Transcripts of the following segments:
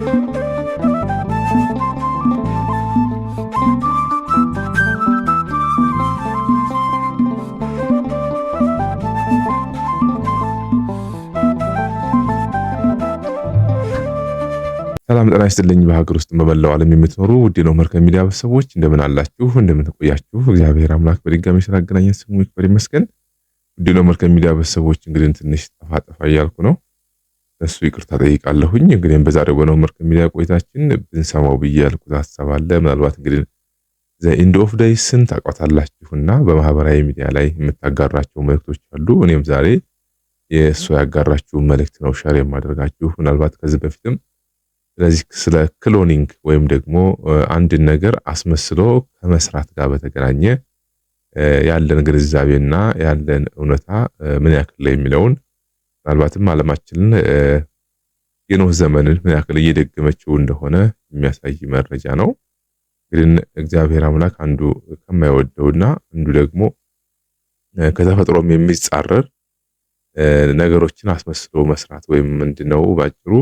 ሰላም ጤና ይስጥልኝ። በሀገር ውስጥ በመላው ዓለም የምትኖሩ ውድ ነው መርከብ ሚዲያ ቤተሰቦች እንደምን አላችሁ? እንደምን ቆያችሁ? እግዚአብሔር አምላክ በድጋሚ ስላገናኘን ስሙ ይክበር ይመስገን። ውድ ነው መርከብ ሚዲያ ቤተሰቦች እንግዲህ ትንሽ ጠፋ ጠፋ እያልኩ ነው እሱ ይቅርታ ጠይቃለሁኝ። እንግዲህም በዛሬው በነው ምርክ ሚዲያ ቆይታችን ብንሰማው ብዬ ያልኩት ሀሳብ አለ። ምናልባት እንግዲህ ዘ ኢንድ ኦፍ ዳይስን ታቋታላችሁና በማህበራዊ ሚዲያ ላይ የምታጋራቸው መልእክቶች አሉ። እኔም ዛሬ የእሷ ያጋራችሁ መልእክት ነው ሸር የማደርጋችሁ። ምናልባት ከዚህ በፊትም ስለዚህ ስለ ክሎኒንግ ወይም ደግሞ አንድን ነገር አስመስሎ ከመስራት ጋር በተገናኘ ያለን ግንዛቤና ያለን እውነታ ምን ያክል ላይ የሚለውን ምናልባትም አለማችንን የኖህ ዘመንን ምን ያክል እየደገመችው እንደሆነ የሚያሳይ መረጃ ነው። እንግዲህ እግዚአብሔር አምላክ አንዱ ከማይወደውና አንዱ ደግሞ ከተፈጥሮም የሚጻረር ነገሮችን አስመስሎ መስራት ወይም ምንድነው ባጭሩ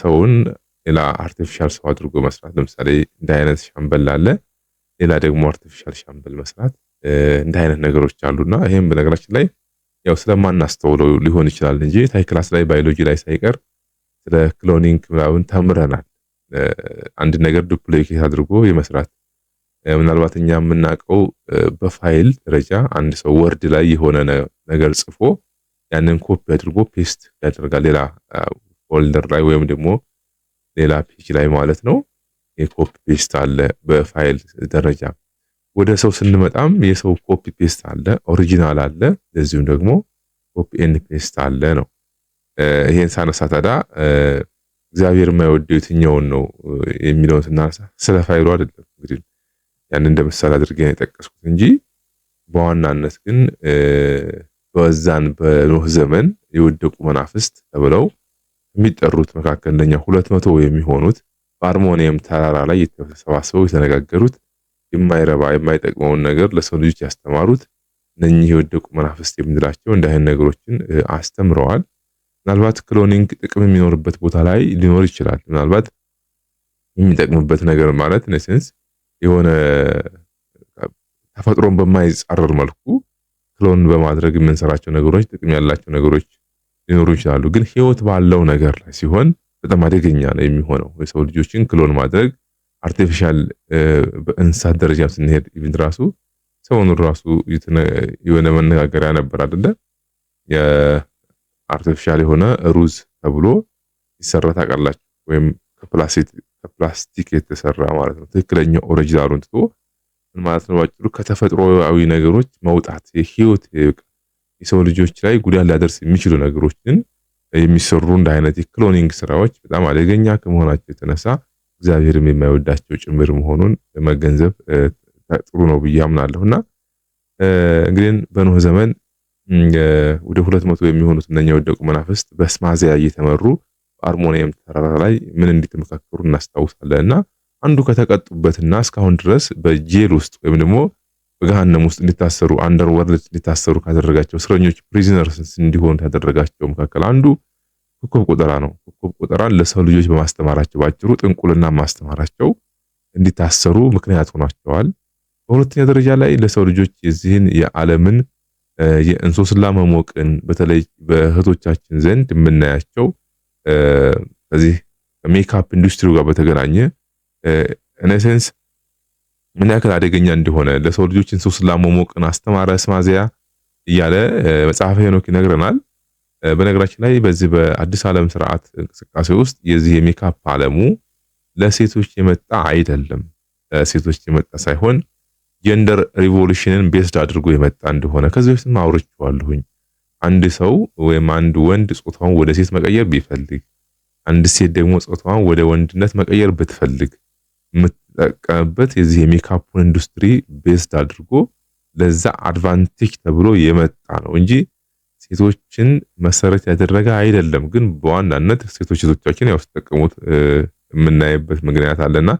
ሰውን ሌላ አርቲፊሻል ሰው አድርጎ መስራት። ለምሳሌ እንደ አይነት ሻምበል አለ፣ ሌላ ደግሞ አርቲፊሻል ሻምበል መስራት፣ እንደ አይነት ነገሮች አሉና ይህም በነገራችን ላይ ያው ስለማናስተውለው ሊሆን ይችላል እንጂ ታይ ክላስ ላይ ባዮሎጂ ላይ ሳይቀር ስለ ክሎኒንግ ምናምን ተምረናል። አንድ ነገር ዱፕሊኬት አድርጎ የመስራት ምናልባት እኛ የምናውቀው በፋይል ደረጃ አንድ ሰው ወርድ ላይ የሆነ ነገር ጽፎ ያንን ኮፒ አድርጎ ፔስት ያደርጋል ሌላ ፎልደር ላይ ወይም ደግሞ ሌላ ፔጅ ላይ ማለት ነው። የኮፒ ፔስት አለ በፋይል ደረጃ ወደ ሰው ስንመጣም የሰው ኮፒ ፔስት አለ፣ ኦሪጂናል አለ፣ እንደዚሁም ደግሞ ኮፒ ኤንድ ፔስት አለ ነው። ይሄን ሳነሳ ታዲያ እግዚአብሔር የማይወደው የትኛውን ነው የሚለውን ስናነሳ ስለ ፋይሉ አይደለም እንግዲህ ያን እንደ ምሳሌ አድርጌ የጠቀስኩት እንጂ በዋናነት ግን በዛን በኖህ ዘመን የወደቁ መናፍስት ተብለው የሚጠሩት መካከል እንደኛ ሁለት መቶ የሚሆኑት በአርሞኒየም ተራራ ላይ ተሰባስበው የተነጋገሩት የማይረባ የማይጠቅመውን ነገር ለሰው ልጆች ያስተማሩት እነኚህ የወደቁ መናፍስት የምንላቸው እንደ አይነት ነገሮችን አስተምረዋል። ምናልባት ክሎኒንግ ጥቅም የሚኖርበት ቦታ ላይ ሊኖር ይችላል። ምናልባት የሚጠቅምበት ነገር ማለት ነሴንስ የሆነ ተፈጥሮን በማይጻረር መልኩ ክሎን በማድረግ የምንሰራቸው ነገሮች ጥቅም ያላቸው ነገሮች ሊኖሩ ይችላሉ። ግን ህይወት ባለው ነገር ላይ ሲሆን በጣም አደገኛ ነው የሚሆነው የሰው ልጆችን ክሎን ማድረግ አርቲፊሻል eh, በእንስሳት ደረጃ ስንሄድ ኢቭን ራሱ ሰሞኑን ራሱ የሆነ መነጋገሪያ ነበር አደለ? የአርቲፊሻል የሆነ ሩዝ ተብሎ ይሰራ ታውቃላችሁ? ወይም ከፕላስቲክ የተሰራ ማለት ነው። ትክክለኛ ኦሪጂናሉን ትቶ ምን ማለት ነው? ባጭሩ ከተፈጥሮዊ ነገሮች መውጣት የህይወት የሰው ልጆች ላይ ጉዳት ሊያደርስ የሚችሉ ነገሮችን የሚሰሩ እንደ አይነት የክሎኒንግ ስራዎች በጣም አደገኛ ከመሆናቸው የተነሳ እግዚአብሔርም የማይወዳቸው ጭምር መሆኑን መገንዘብ ጥሩ ነው ብዬ አምናለሁ እና እንግዲህ በኖህ ዘመን ወደ ሁለት መቶ የሚሆኑት እነኛ የወደቁ መናፍስት በስማዚያ እየተመሩ አርሞኒየም ተራራ ላይ ምን እንዲተመካከሩ እናስታውሳለን እና አንዱ ከተቀጡበትና እስካሁን ድረስ በጄል ውስጥ ወይም ደግሞ በገሃነም ውስጥ እንዲታሰሩ አንደር ወርልድ እንዲታሰሩ ካደረጋቸው እስረኞች ፕሪዝነርስ እንዲሆኑ ያደረጋቸው መካከል አንዱ ኮከብ ቆጠራ ነው። ኮከብ ቆጠራን ለሰው ልጆች በማስተማራቸው ባጭሩ ጥንቁልና ማስተማራቸው እንዲታሰሩ ምክንያት ሆኗቸዋል። በሁለተኛ ደረጃ ላይ ለሰው ልጆች የዚህን የዓለምን የእንሶስላ መሞቅን በተለይ በእህቶቻችን ዘንድ የምናያቸው ከዚህ ከሜካፕ ኢንዱስትሪው ጋር በተገናኘ ኢነሴንስ ምን ያክል አደገኛ እንደሆነ ለሰው ልጆች እንሶስላ መሞቅን አስተማረ እስማዚያ እያለ መጽሐፈ ሄኖክ ይነግረናል። በነገራችን ላይ በዚህ በአዲስ ዓለም ስርዓት እንቅስቃሴ ውስጥ የዚህ የሜካፕ ዓለሙ ለሴቶች የመጣ አይደለም። ለሴቶች የመጣ ሳይሆን ጀንደር ሪቮሉሽንን ቤስድ አድርጎ የመጣ እንደሆነ ከዚህ በፊትም አውርቼዋለሁኝ። አንድ ሰው ወይም አንድ ወንድ ጾታውን ወደ ሴት መቀየር ቢፈልግ፣ አንድ ሴት ደግሞ ጾታዋን ወደ ወንድነት መቀየር ብትፈልግ የምትጠቀምበት የዚህ የሜካፑን ኢንዱስትሪ ቤስድ አድርጎ ለዛ አድቫንቴጅ ተብሎ የመጣ ነው እንጂ ሴቶችን መሰረት ያደረገ አይደለም፣ ግን በዋናነት ሴቶች ሴቶቻችን ያው ሲጠቀሙት የምናይበት ምክንያት አለና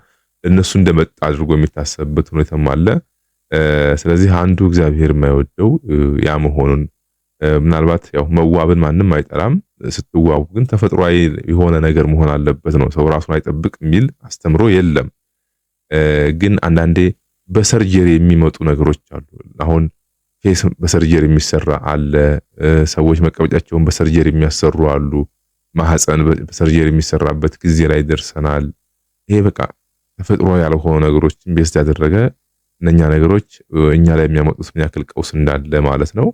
እነሱ እንደመጣ አድርጎ የሚታሰብበት ሁኔታም አለ። ስለዚህ አንዱ እግዚአብሔር የማይወደው ያ መሆኑን ምናልባት ያው መዋብን ማንም አይጠላም። ስትዋቡ ግን ተፈጥሯዊ የሆነ ነገር መሆን አለበት ነው። ሰው ራሱን አይጠብቅ የሚል አስተምሮ የለም። ግን አንዳንዴ በሰርጀሪ የሚመጡ ነገሮች አሉ። አሁን ኬስ በሰርጀሪ የሚሰራ አለ። ሰዎች መቀመጫቸውን በሰርጀሪ የሚያሰሩ አሉ። ማህፀን በሰርጀሪ የሚሰራበት ጊዜ ላይ ደርሰናል። ይሄ በቃ ተፈጥሮ ያልሆኑ ነገሮችን ቤዝ ያደረገ እነኛ ነገሮች እኛ ላይ የሚያመጡት ምን ያክል ቀውስ እንዳለ ማለት ነው።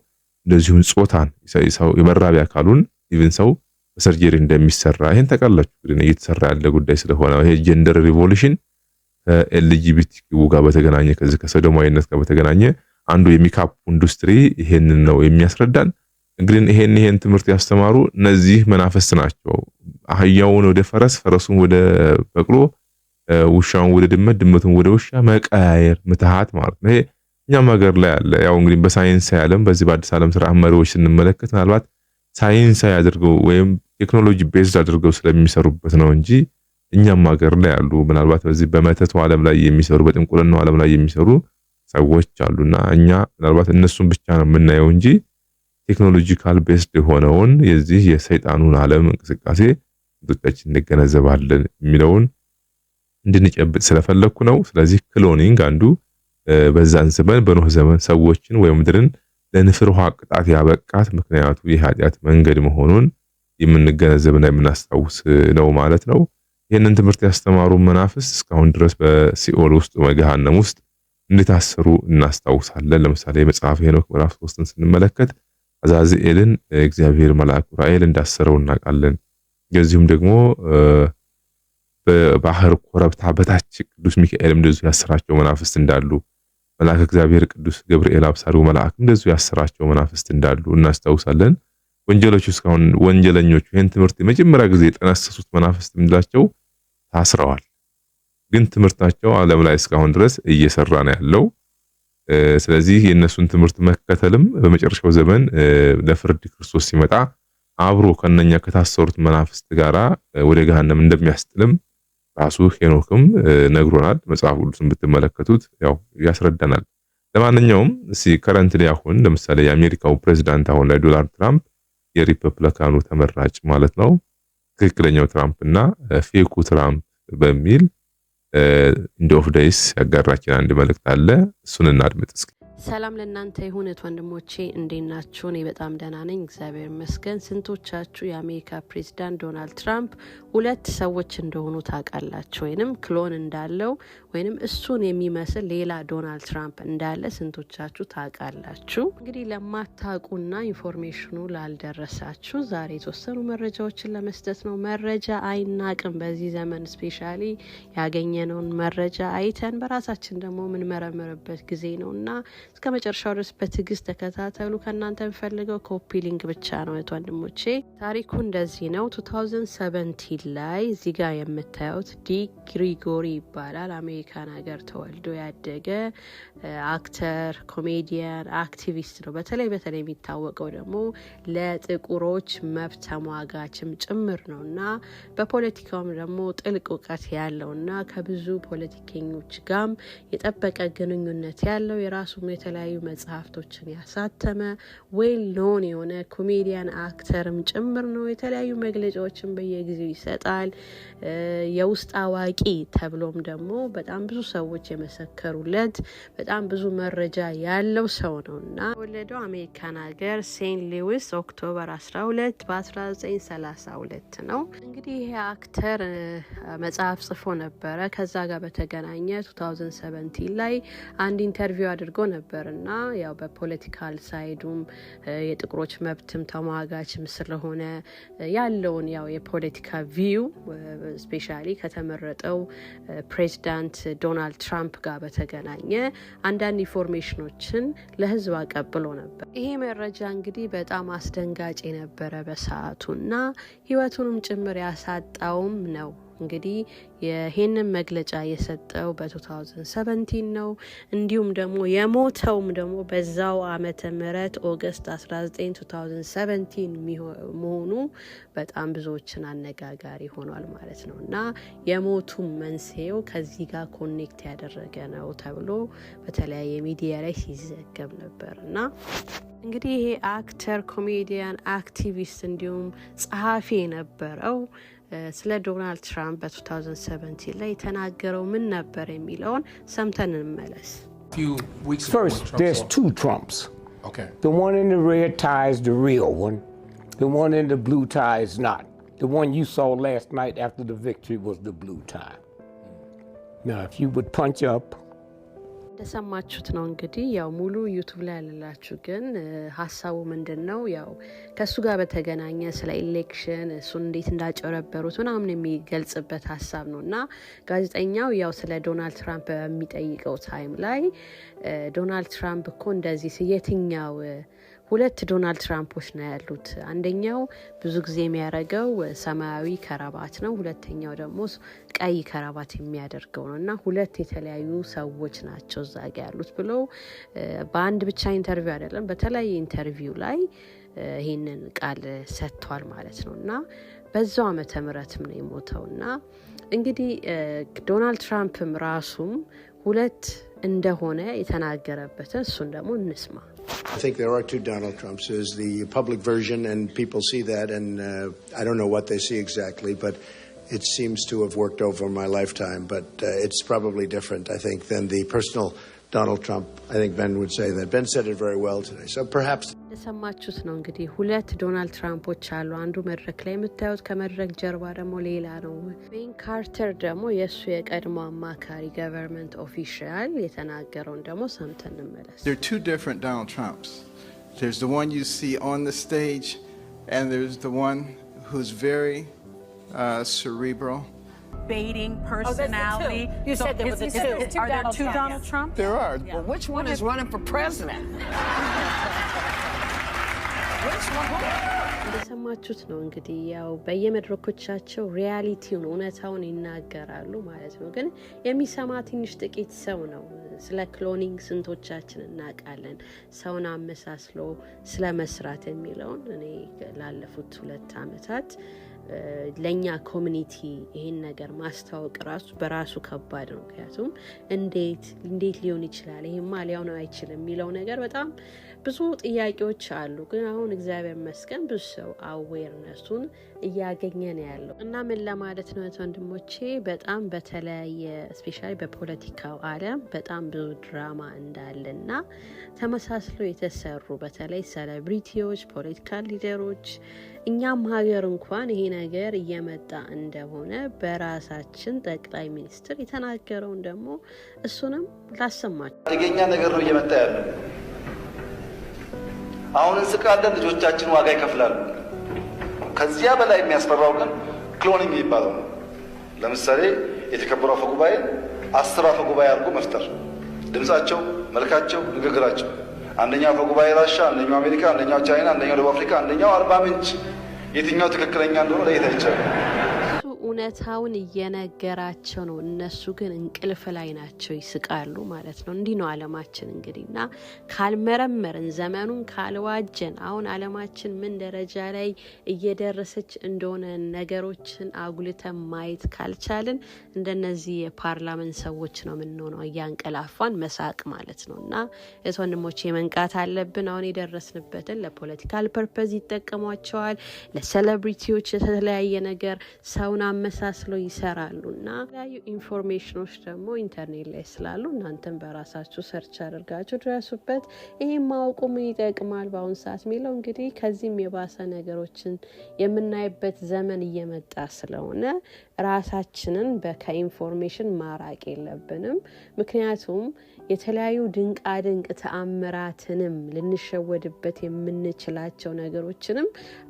እንደዚሁም ጾታን የመራቢ አካሉን ኢቭን ሰው በሰርጀሪ እንደሚሰራ ይህን ተቃላችሁ ግን እየተሰራ ያለ ጉዳይ ስለሆነ ይሄ ጀንደር ሪቮሉሽን ከኤልጂቢቲ ጋር በተገናኘ ከዚህ ከሰዶማዊነት ጋር በተገናኘ አንዱ የሜካፕ ኢንዱስትሪ ይሄንን ነው የሚያስረዳን። እንግዲህ ይሄን ይሄን ትምህርት ያስተማሩ እነዚህ መናፍስት ናቸው። አህያውን ወደ ፈረስ፣ ፈረሱን ወደ በቅሎ፣ ውሻውን ወደ ድመት፣ ድመቱን ወደ ውሻ መቀያየር ምትሃት ማለት ነው። ይሄ እኛም ሀገር ላይ አለ። ያው እንግዲህ በሳይንሳዊ ዓለም በዚህ በአዲስ ዓለም ስራ መሪዎች ስንመለከት ምናልባት ሳይንሳዊ አድርገው ወይም ቴክኖሎጂ ቤዝድ አድርገው ስለሚሰሩበት ነው እንጂ እኛም ሀገር ላይ ያሉ ምናልባት በዚህ በመተቱ ዓለም ላይ የሚሰሩ በጥንቁልናው ዓለም ላይ የሚሰሩ ሰዎች አሉና እኛ ምናልባት እነሱን ብቻ ነው የምናየው እንጂ ቴክኖሎጂካል ቤስድ የሆነውን የዚህ የሰይጣኑን ዓለም እንቅስቃሴ ብዙዎቻችን እንገነዘባለን የሚለውን እንድንጨብጥ ስለፈለግኩ ነው። ስለዚህ ክሎኒንግ አንዱ በዛን ዘመን በኖህ ዘመን ሰዎችን ወይም ምድርን ለንፍር ውሃ ቅጣት ያበቃት ምክንያቱ የኃጢአት መንገድ መሆኑን የምንገነዘብና የምናስታውስ ነው ማለት ነው። ይህንን ትምህርት ያስተማሩ መናፍስ እስካሁን ድረስ በሲኦል ውስጥ ገሃነም ውስጥ እንደታሰሩ እናስታውሳለን። ለምሳሌ መጽሐፍ ሄኖክ ምዕራፍ ሶስትን ስንመለከት አዛዝኤልን እግዚአብሔር መልአክ ራኤል እንዳሰረው እናውቃለን። እንደዚሁም ደግሞ በባህር ኮረብታ በታች ቅዱስ ሚካኤል እንደዚሁ ያሰራቸው መናፍስት እንዳሉ መልአክ እግዚአብሔር ቅዱስ ገብርኤል አብሳሪው መልአክ እንደዚሁ ያሰራቸው መናፍስት እንዳሉ እናስታውሳለን። ወንጀሎች እስካሁን ወንጀለኞቹ ይህን ትምህርት የመጀመሪያ ጊዜ የጠነሰሱት መናፍስት የምንላቸው ታስረዋል። ግን ትምህርታቸው ዓለም ላይ እስካሁን ድረስ እየሰራ ነው ያለው። ስለዚህ የእነሱን ትምህርት መከተልም በመጨረሻው ዘመን ለፍርድ ክርስቶስ ሲመጣ አብሮ ከነኛ ከታሰሩት መናፍስት ጋራ ወደ ገሃነም እንደሚያስጥልም ራሱ ሄኖክም ነግሮናል። መጽሐፍ ቅዱስን ብትመለከቱት ያው ያስረዳናል። ለማንኛውም እስኪ ከረንት ላይ አሁን ለምሳሌ የአሜሪካው ፕሬዚዳንት አሁን ላይ ዶናልድ ትራምፕ የሪፐብሊካኑ ተመራጭ ማለት ነው ትክክለኛው ትራምፕ እና ፌኩ ትራምፕ በሚል እንደ ኦፍ ደይስ ያጋራችን አንድ መልእክት አለ። እሱን እናድምጥ እስኪ። ሰላም ለእናንተ ይሁን እህት ወንድሞቼ፣ እንዴት ናችሁ? እኔ በጣም ደህና ነኝ፣ እግዚአብሔር መስገን ስንቶቻችሁ የአሜሪካ ፕሬዚዳንት ዶናልድ ትራምፕ ሁለት ሰዎች እንደሆኑ ታውቃላችሁ? ወይንም ክሎን እንዳለው ወይንም እሱን የሚመስል ሌላ ዶናልድ ትራምፕ እንዳለ ስንቶቻችሁ ታውቃላችሁ? እንግዲህ ለማታውቁና ኢንፎርሜሽኑ ላልደረሳችሁ ዛሬ የተወሰኑ መረጃዎችን ለመስጠት ነው። መረጃ አይናቅም በዚህ ዘመን ስፔሻሊ ያገኘነውን መረጃ አይተን በራሳችን ደግሞ የምንመረምርበት ጊዜ ነውና እስከ መጨረሻው ድረስ በትዕግስት ተከታተሉ። ከእናንተ የሚፈልገው ኮፒ ሊንክ ብቻ ነው። እህት ወንድሞቼ ታሪኩ እንደዚህ ነው። 2017 ላይ እዚህ ጋር የምታዩት ዲ ግሪጎሪ ይባላል። አሜሪካን ሀገር ተወልዶ ያደገ አክተር፣ ኮሜዲያን፣ አክቲቪስት ነው። በተለይ በተለይ የሚታወቀው ደግሞ ለጥቁሮች መብት ተሟጋችም ጭምር ነው እና በፖለቲካውም ደግሞ ጥልቅ እውቀት ያለው እና ከብዙ ፖለቲከኞች ጋም የጠበቀ ግንኙነት ያለው የራሱ የተለያዩ መጽሐፍቶችን ያሳተመ ዌል ኖን የሆነ ኮሜዲያን አክተርም ጭምር ነው። የተለያዩ መግለጫዎችን በየጊዜው ይሰጣል። የውስጥ አዋቂ ተብሎም ደግሞ በጣም ብዙ ሰዎች የመሰከሩለት በጣም ብዙ መረጃ ያለው ሰው ነው እና ወለደው አሜሪካን ሀገር ሴንት ሉዊስ ኦክቶበር 12 በ1932 ነው። እንግዲህ ይሄ አክተር መጽሐፍ ጽፎ ነበረ። ከዛ ጋር በተገናኘ 2017 ላይ አንድ ኢንተርቪው አድርጎ ነበር። ነበር እና ያው በፖለቲካል ሳይዱም የጥቁሮች መብትም ተሟጋችም ስለሆነ ያለውን ያው የፖለቲካ ቪው ስፔሻሊ ከተመረጠው ፕሬዚዳንት ዶናልድ ትራምፕ ጋር በተገናኘ አንዳንድ ኢንፎርሜሽኖችን ለህዝብ አቀብሎ ነበር። ይሄ መረጃ እንግዲህ በጣም አስደንጋጭ የነበረ በሰዓቱ እና ህይወቱንም ጭምር ያሳጣውም ነው። እንግዲህ ይሄንን መግለጫ የሰጠው በ2017 ነው። እንዲሁም ደግሞ የሞተውም ደግሞ በዛው አመተ ምህረት ኦገስት 19 መሆኑ በጣም ብዙዎችን አነጋጋሪ ሆኗል ማለት ነው እና የሞቱም መንስኤው ከዚህ ጋር ኮኔክት ያደረገ ነው ተብሎ በተለያየ ሚዲያ ላይ ሲዘገብ ነበር እና እንግዲህ ይሄ አክተር ኮሜዲያን፣ አክቲቪስት እንዲሁም ጸሐፊ የነበረው ስለ ዶናልድ ትራምፕ በ2017 ላይ የተናገረው ምን ነበር የሚለውን ሰምተን እንመለስ። First, there's two Trumps. Okay. The one in the red tie is the real one. The one in the blue tie is not. The one you saw last night after the victory was the blue tie. Now, if you would punch up እንደሰማችሁት ነው እንግዲህ ያው ሙሉ ዩቱብ ላይ ያለላችሁ፣ ግን ሀሳቡ ምንድን ነው? ያው ከእሱ ጋር በተገናኘ ስለ ኢሌክሽን እሱን እንዴት እንዳጨረበሩት ምናምን የሚገልጽበት ሀሳብ ነው እና ጋዜጠኛው ያው ስለ ዶናልድ ትራምፕ በሚጠይቀው ታይም ላይ ዶናልድ ትራምፕ እኮ እንደዚህ የትኛው ሁለት ዶናልድ ትራምፖች ነው ያሉት። አንደኛው ብዙ ጊዜ የሚያደርገው ሰማያዊ ከረባት ነው። ሁለተኛው ደግሞ ቀይ ከረባት የሚያደርገው ነው እና ሁለት የተለያዩ ሰዎች ናቸው እዛ ጋ ያሉት ብሎ በአንድ ብቻ ኢንተርቪው አይደለም፣ በተለያየ ኢንተርቪው ላይ ይህንን ቃል ሰጥቷል ማለት ነው እና በዛው ዓመተ ምሕረትም ነው የሞተው እና እንግዲህ ዶናልድ ትራምፕም ራሱም ሁለት እንደሆነ የተናገረበትን እሱን ደግሞ እንስማ። I think there are two Donald Trumps. There's the public version, and people see that, and uh, I don't know what they see exactly, but it seems to have worked over my lifetime. But uh, it's probably different, I think, than the personal Donald Trump. I think Ben would say that. Ben said it very well today. So perhaps. There ነው እንግዲህ ሁለት ዶናልድ ትራምፖች አሉ። አንዱ መድረክ ላይ የምታዩት፣ ከመድረክ ጀርባ ደግሞ ሌላ ነው። ቤን ካርተር ደግሞ የእሱ የቀድሞ አማካሪ ገቨርንመንት ኦፊሻል የተናገረውን ደግሞ ሰምተን እንመለስ። There's the one you see on the stage, and there's the one who's very uh, cerebral. Baiting oh, personality. Oh, you so said there was a two. Are there two Donald Trumps? There are. Yeah. Well, which one is running for president? እንደሰማችሁት ነው እንግዲህ ያው በየመድረኮቻቸው ሪያሊቲውን እውነታውን ይናገራሉ ማለት ነው። ግን የሚሰማ ትንሽ ጥቂት ሰው ነው። ስለ ክሎኒንግ ስንቶቻችን እናውቃለን? ሰውን አመሳስሎ ስለ መስራት የሚለውን እኔ ላለፉት ሁለት አመታት ለእኛ ኮሚኒቲ ይሄን ነገር ማስታወቅ ራሱ በራሱ ከባድ ነው። ምክንያቱም እንዴት እንዴት ሊሆን ይችላል ይሄማ ሊያው ነው አይችልም የሚለው ነገር በጣም ብዙ ጥያቄዎች አሉ። ግን አሁን እግዚአብሔር መስገን ብዙ ሰው አዌርነሱን እያገኘ ነው ያለው እና ምን ለማለት ነው ወንድሞቼ፣ በጣም በተለያየ ስፔሻሊ በፖለቲካው አለም በጣም ብዙ ድራማ እንዳለ እና ተመሳስሎ የተሰሩ በተለይ ሰለብሪቲዎች ፖለቲካ ሊደሮች እኛም ሀገር እንኳን ይሄ ነገር እየመጣ እንደሆነ በራሳችን ጠቅላይ ሚኒስትር የተናገረውን ደግሞ እሱንም ላሰማችሁ። አደገኛ ነገር ነው እየመጣ ያለው። አሁን እንስቃለን፣ ልጆቻችን ዋጋ ይከፍላሉ። ከዚያ በላይ የሚያስፈራው ግን ክሎኒንግ የሚባለው ነው። ለምሳሌ የተከበሩ አፈ ጉባኤን አስር አፈ ጉባኤ አድርጎ መፍጠር፣ ድምፃቸው፣ መልካቸው፣ ንግግራቸው አንደኛው አፈ ጉባኤ ራሻ፣ አንደኛው አሜሪካ፣ አንደኛው ቻይና፣ አንደኛው ደቡብ አፍሪካ፣ አንደኛው አርባ ምንጭ፣ የትኛው ትክክለኛ እንደሆነ ለየት አይቻልም። እውነታውን እየነገራቸው ነው። እነሱ ግን እንቅልፍ ላይ ናቸው፣ ይስቃሉ ማለት ነው። እንዲህ ነው አለማችን እንግዲህ እና ካልመረመርን፣ ዘመኑን ካልዋጀን፣ አሁን አለማችን ምን ደረጃ ላይ እየደረሰች እንደሆነ ነገሮችን አጉልተን ማየት ካልቻልን እንደነዚህ የፓርላመንት ሰዎች ነው የምንሆነው፣ እያንቀላፋን መሳቅ ማለት ነው እና እህት ወንድሞቼ መንቃት አለብን። አሁን የደረስንበትን ለፖለቲካል ፐርፐዝ ይጠቀሟቸዋል፣ ለሴሌብሪቲዎች፣ የተለያየ ነገር ሰውን አመሳስለው ይሰራሉ እና የተለያዩ ኢንፎርሜሽኖች ደግሞ ኢንተርኔት ላይ ስላሉ እናንተን በራሳችሁ ሰርች አድርጋችሁ ድረሱበት። ይህም ማወቁ ምን ይጠቅማል በአሁኑ ሰዓት የሚለው እንግዲህ ከዚህም የባሰ ነገሮችን የምናይበት ዘመን እየመጣ ስለሆነ ራሳችንን ከኢንፎርሜሽን ማራቅ የለብንም። ምክንያቱም የተለያዩ ድንቃድንቅ ተአምራትንም ልንሸወድበት የምንችላቸው ነገሮችንም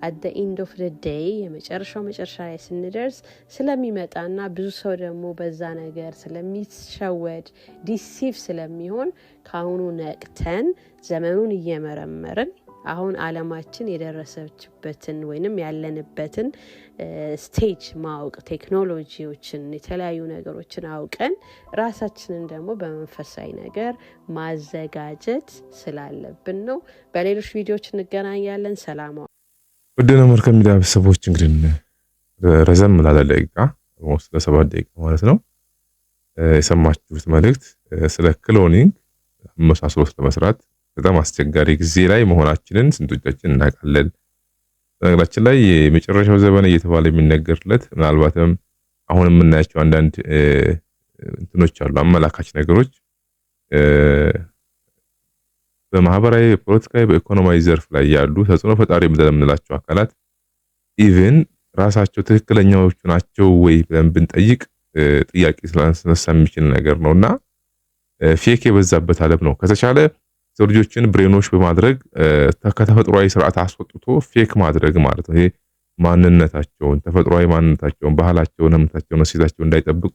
አደ ኢንድ ኦፍ ደ ደይ የመጨረሻው መጨረሻ ላይ ስንደርስ ስለሚመጣና ብዙ ሰው ደግሞ በዛ ነገር ስለሚሸወድ ዲሲቭ ስለሚሆን ከአሁኑ ነቅተን ዘመኑን እየመረመርን አሁን አለማችን የደረሰችበትን ወይንም ያለንበትን ስቴጅ ማወቅ ቴክኖሎጂዎችን፣ የተለያዩ ነገሮችን አውቀን ራሳችንን ደግሞ በመንፈሳዊ ነገር ማዘጋጀት ስላለብን ነው። በሌሎች ቪዲዮዎች እንገናኛለን። ሰላም ወደነ መርከብ ሚዲያ ቤተሰቦች እንግዲህ ረዘም ላለ ደቂቃ ለሰባት ደቂቃ ማለት ነው የሰማችሁት መልእክት ስለ ክሎኒንግ አመሳስሎ ለመስራት በጣም አስቸጋሪ ጊዜ ላይ መሆናችንን ስንቶቻችን እናውቃለን። በነገራችን ላይ የመጨረሻው ዘመን እየተባለ የሚነገርለት ምናልባትም አሁን የምናያቸው አንዳንድ እንትኖች አሉ፣ አመላካች ነገሮች በማህበራዊ፣ በፖለቲካዊ፣ በኢኮኖሚያዊ ዘርፍ ላይ ያሉ ተጽዕኖ ፈጣሪ የምንላቸው አካላት ኢቭን ራሳቸው ትክክለኛዎቹ ናቸው ወይ ብለን ብንጠይቅ ጥያቄ ስላነሳ የሚችል ነገር ነውና ፌክ የበዛበት ዓለም ነው ከተቻለ ልጆችን ብሬኖች በማድረግ ከተፈጥሯዊ ስርዓት አስወጥቶ ፌክ ማድረግ ማለት ነው። ይሄ ማንነታቸውን ተፈጥሯዊ ማንነታቸውን፣ ባህላቸውን፣ እምነታቸውን፣ እሴታቸውን እንዳይጠብቁ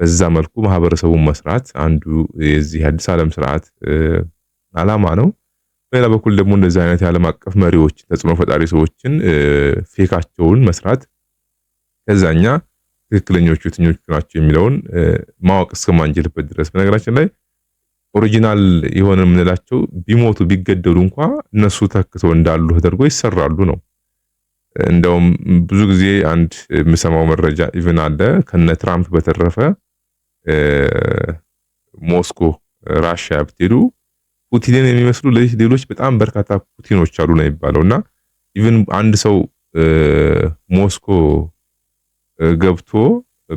በዛ መልኩ ማህበረሰቡን መስራት አንዱ የዚህ አዲስ ዓለም ስርዓት አላማ ነው። በሌላ በኩል ደግሞ እንደዚህ አይነት የዓለም አቀፍ መሪዎችን ተጽዕኖ ፈጣሪ ሰዎችን ፌካቸውን መስራት ከዛኛ ትክክለኞቹ የትኞቹ ናቸው የሚለውን ማወቅ እስከማንችልበት ድረስ በነገራችን ላይ ኦሪጂናል የሆነ የምንላቸው ቢሞቱ ቢገደሉ እንኳ እነሱ ተክተው እንዳሉ ተደርጎ ይሰራሉ ነው። እንደውም ብዙ ጊዜ አንድ የምሰማው መረጃ ኢቭን አለ ከነ ትራምፕ በተረፈ ሞስኮ ራሽያ ብትሄዱ ፑቲንን የሚመስሉ ሌሎች በጣም በርካታ ፑቲኖች አሉ ነው የሚባለው። እና ኢቭን አንድ ሰው ሞስኮ ገብቶ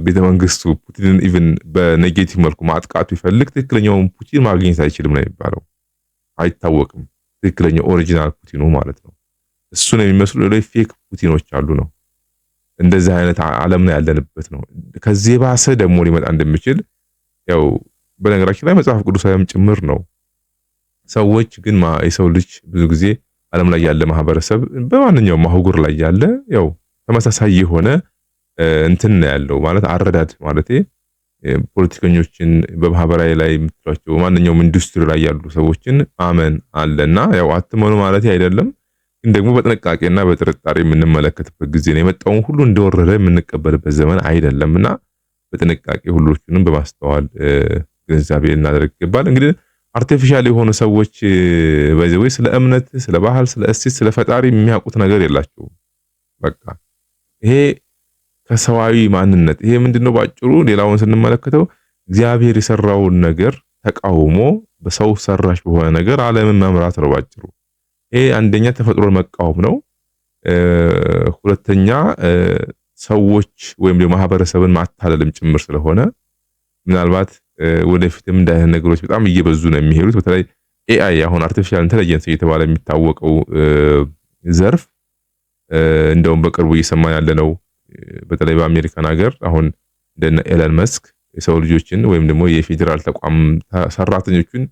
ቤተ መንግስቱ ፑቲንን ኢቨን በኔጌቲቭ መልኩ ማጥቃቱ ይፈልግ ትክክለኛውን ፑቲን ማግኘት አይችልም ነው የሚባለው። አይታወቅም ትክክለኛው ኦሪጂናል ፑቲኑ ማለት ነው። እሱን የሚመስሉ ሌሎች ፌክ ፑቲኖች አሉ ነው። እንደዚህ አይነት ዓለም ነው ያለንበት ነው። ከዚህ የባሰ ደግሞ ሊመጣ እንደሚችል ያው በነገራችን ላይ መጽሐፍ ቅዱሳዊም ጭምር ነው። ሰዎች ግን የሰው ልጅ ብዙ ጊዜ ዓለም ላይ ያለ ማህበረሰብ በማንኛውም አህጉር ላይ ያለ ያው ተመሳሳይ የሆነ እንትን ያለው ማለት አረዳድ ማለት ፖለቲከኞችን በማህበራዊ ላይ የምትሏቸው ማንኛውም ኢንዱስትሪ ላይ ያሉ ሰዎችን ማመን አለና ያው አትመኑ ማለት አይደለም፣ ግን ደግሞ በጥንቃቄና በጥርጣሬ የምንመለከትበት ጊዜ ነው። የመጣውን ሁሉ እንደወረረ የምንቀበልበት ዘመን አይደለም እና በጥንቃቄ ሁሎቹንም በማስተዋል ግንዛቤ ልናደርግ ይገባል። እንግዲህ አርቲፊሻል የሆኑ ሰዎች በዚህ ወይ ስለ እምነት፣ ስለ ባህል፣ ስለ እሴት፣ ስለ ፈጣሪ የሚያውቁት ነገር የላቸውም። በቃ ይሄ ከሰዋዊ ማንነት ይሄ ምንድነው? ባጭሩ ሌላውን ስንመለከተው እግዚአብሔር የሰራውን ነገር ተቃውሞ በሰው ሰራሽ በሆነ ነገር ዓለምን መምራት ነው። ባጭሩ ይሄ አንደኛ ተፈጥሮን መቃወም ነው። ሁለተኛ ሰዎች ወይም ማህበረሰብን ማታለልም ጭምር ስለሆነ ምናልባት ወደፊትም እንደ አይነት ነገሮች በጣም እየበዙ ነው የሚሄዱት። በተለይ ኤአይ አሁን አርቲፊሻል ኢንተለጀንስ እየተባለ የሚታወቀው ዘርፍ እንደውም በቅርቡ እየሰማን ያለ ነው በተለይ በአሜሪካን ሀገር አሁን እንደነ ኤለን መስክ የሰው ልጆችን ወይም ደግሞ የፌዴራል ተቋም ሰራተኞችን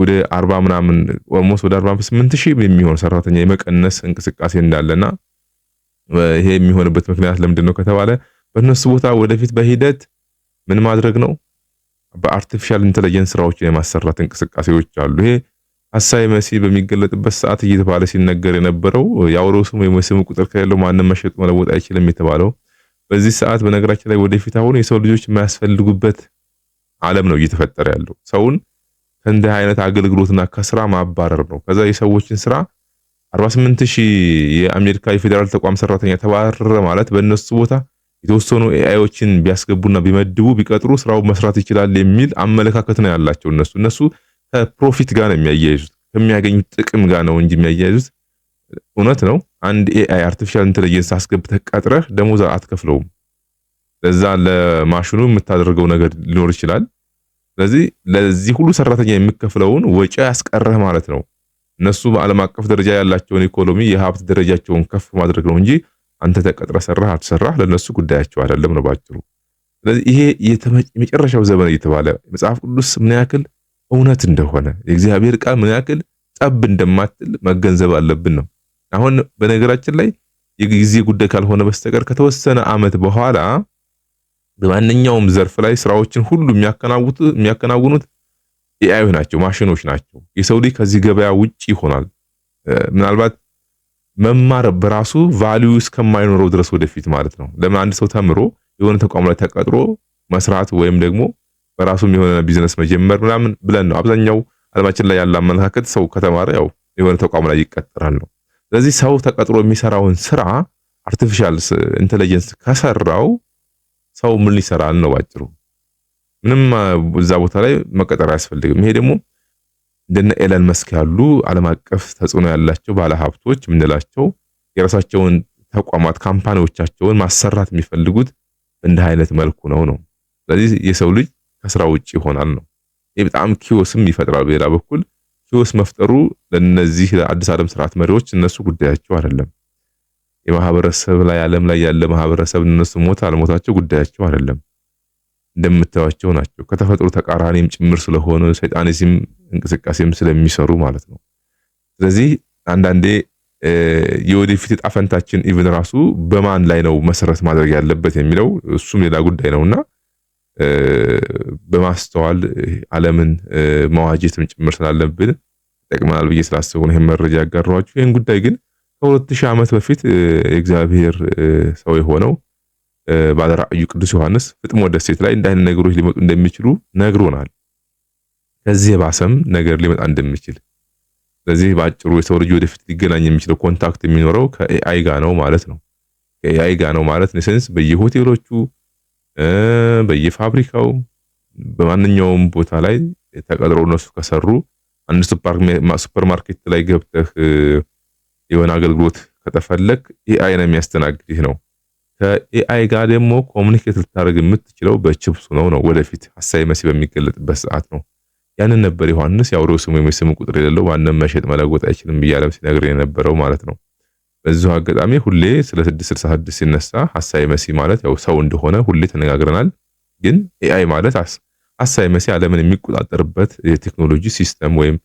ወደ አርባ ምናምን ኦልሞስት ወደ አርባ ስምንት ሺህ የሚሆን ሰራተኛ የመቀነስ እንቅስቃሴ እንዳለና ይሄ የሚሆንበት ምክንያት ለምንድን ነው ከተባለ በእነሱ ቦታ ወደፊት በሂደት ምን ማድረግ ነው በአርቲፊሻል ኢንተለጀንስ ስራዎችን የማሰራት እንቅስቃሴዎች አሉ። ይሄ አሳይ መሲህ በሚገለጥበት ሰዓት እየተባለ ሲነገር የነበረው የአውሬው ስም ወይም ስም ቁጥር ከሌለው ማንም መሸጥ መለወጥ አይችልም የተባለው በዚህ ሰዓት በነገራችን ላይ ወደፊት አሁን የሰው ልጆች የማያስፈልጉበት ዓለም ነው እየተፈጠረ ያለው። ሰውን ከእንዲህ አይነት አገልግሎትና ከስራ ማባረር ነው። ከዛ የሰዎችን ስራ 48 ሺህ የአሜሪካ የፌዴራል ተቋም ሰራተኛ ተባረረ ማለት በእነሱ ቦታ የተወሰኑ ኤአይዎችን ቢያስገቡና ቢመድቡ ቢቀጥሩ ስራው መስራት ይችላል የሚል አመለካከት ነው ያላቸው እነሱ እነሱ ከፕሮፊት ጋር ነው የሚያያይዙት፣ ከሚያገኙት ጥቅም ጋር ነው እንጂ የሚያያይዙት። እውነት ነው። አንድ ኤአይ አርቲፊሻል ኢንተለጀንስ አስገብተህ ቀጥረህ ደሞዝ አትከፍለውም። ለዛ ለማሽኑ የምታደርገው ነገር ሊኖር ይችላል። ስለዚህ ለዚህ ሁሉ ሰራተኛ የሚከፍለውን ወጪ ያስቀረህ ማለት ነው። እነሱ በዓለም አቀፍ ደረጃ ያላቸውን ኢኮኖሚ የሀብት ደረጃቸውን ከፍ ማድረግ ነው እንጂ አንተ ተቀጥረህ ሰራህ አትሰራህ ለነሱ ጉዳያቸው አይደለም ነው ባጭሩ። ስለዚህ ይሄ የመጨረሻው ዘመን እየተባለ መጽሐፍ ቅዱስ ምን ያክል እውነት እንደሆነ የእግዚአብሔር ቃል ምን ያክል ጠብ እንደማትል መገንዘብ አለብን ነው። አሁን በነገራችን ላይ የጊዜ ጉዳይ ካልሆነ በስተቀር ከተወሰነ ዓመት በኋላ በማንኛውም ዘርፍ ላይ ስራዎችን ሁሉ የሚያከናውኑት ኤአይ ናቸው፣ ማሽኖች ናቸው። የሰው ልጅ ከዚህ ገበያ ውጭ ይሆናል። ምናልባት መማር በራሱ ቫልዩ እስከማይኖረው ድረስ ወደፊት ማለት ነው። ለምን አንድ ሰው ተምሮ የሆነ ተቋም ላይ ተቀጥሮ መስራት ወይም ደግሞ በራሱም የሆነ ቢዝነስ መጀመር ምናምን ብለን ነው። አብዛኛው አለማችን ላይ ያለ አመለካከት ሰው ከተማረ ያው የሆነ ተቋም ላይ ይቀጠራል ነው። ስለዚህ ሰው ተቀጥሮ የሚሰራውን ስራ አርቲፊሻል ኢንቴሊጀንስ ከሰራው ሰው ምን ይሰራል ነው ባጭሩ። ምንም እዛ ቦታ ላይ መቀጠር አያስፈልግም። ይሄ ደግሞ እንደነ ኤለን መስክ ያሉ ዓለም አቀፍ ተጽዕኖ ያላቸው ባለሀብቶች የምንላቸው የራሳቸውን ተቋማት ካምፓኒዎቻቸውን ማሰራት የሚፈልጉት እንደ አይነት መልኩ ነው ነው። ስለዚህ የሰው ልጅ ከስራ ውጭ ይሆናል ነው። ይህ በጣም ኪዮስም ይፈጥራል። በሌላ በኩል ኪዮስ መፍጠሩ ለነዚህ ለአዲስ ዓለም ስርዓት መሪዎች እነሱ ጉዳያቸው አይደለም። የማህበረሰብ ላይ ዓለም ላይ ያለ ማህበረሰብ እነሱ ሞት አልሞታቸው ጉዳያቸው አይደለም። እንደምታዩቸው ናቸው። ከተፈጥሮ ተቃራኒም ጭምር ስለሆነ ሰይጣኒዝም እንቅስቃሴም ስለሚሰሩ ማለት ነው። ስለዚህ አንዳንዴ የወደፊት እጣ ፈንታችን ኢቭን ራሱ በማን ላይ ነው መሰረት ማድረግ ያለበት የሚለው እሱም ሌላ ጉዳይ ነውና በማስተዋል ዓለምን መዋጀትም ጭምር ስላለብን ይጠቅመናል ብዬ ስላስቡ ነው ይህን መረጃ ያጋሯችሁ። ይህን ጉዳይ ግን ከሁለት ሺህ ዓመት በፊት የእግዚአብሔር ሰው የሆነው ባለራእዩ ቅዱስ ዮሐንስ ፍጥሞ ደሴት ላይ እንዲህ ነገሮች ሊመጡ እንደሚችሉ ነግሮናል። ከዚህ የባሰም ነገር ሊመጣ እንደሚችል ስለዚህ በአጭሩ የሰው ልጅ ወደፊት ሊገናኝ የሚችለው ኮንታክት የሚኖረው ከኤአይ ጋ ነው ማለት ነው። ከኤአይ ጋ ነው ማለት ኔሰንስ በየሆቴሎቹ በየፋብሪካው በማንኛውም ቦታ ላይ ተቀጥሮ እነሱ ከሰሩ አንድ ሱፐርማርኬት ላይ ገብተህ የሆነ አገልግሎት ከተፈለግ ኤአይ ነው የሚያስተናግድህ ነው። ከኤአይ ጋር ደግሞ ኮሚኒኬት ልታደርግ የምትችለው በችፕሱ ነው ነው ወደፊት ሀሳይ መሲ በሚገለጥበት ሰዓት ነው። ያንን ነበር ዮሐንስ የአውሬው ስሙ የሚስም ቁጥር የሌለው ማንም መሸጥ መለወጥ አይችልም እያለም ሲነግር የነበረው ማለት ነው። በዚሁ አጋጣሚ ሁሌ ስለ 666 ሲነሳ ሐሳዌ መሲ ማለት ያው ሰው እንደሆነ ሁሌ ተነጋግረናል። ግን ኤአይ ማለት ሐሳዌ መሲ ዓለምን የሚቆጣጠርበት የቴክኖሎጂ ሲስተም ወይም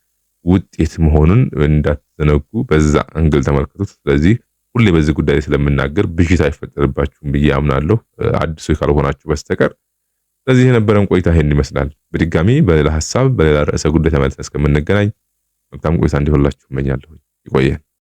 ውጤት መሆኑን እንዳትዘነጉ በዛ አንግል ተመልከቱት። ስለዚህ ሁሌ በዚህ ጉዳይ ስለምናገር ብዥታ አይፈጠርባችሁም ብዬ አምናለሁ፣ አዲሱ ካልሆናችሁ በስተቀር። ስለዚህ የነበረን ቆይታ ይሄን ይመስላል። በድጋሚ በሌላ ሐሳብ በሌላ ርዕሰ ጉዳይ ተመልሰን እስከምንገናኝ መልካም ቆይታ እንዲሆንላችሁ እመኛለሁ። ይቆየን።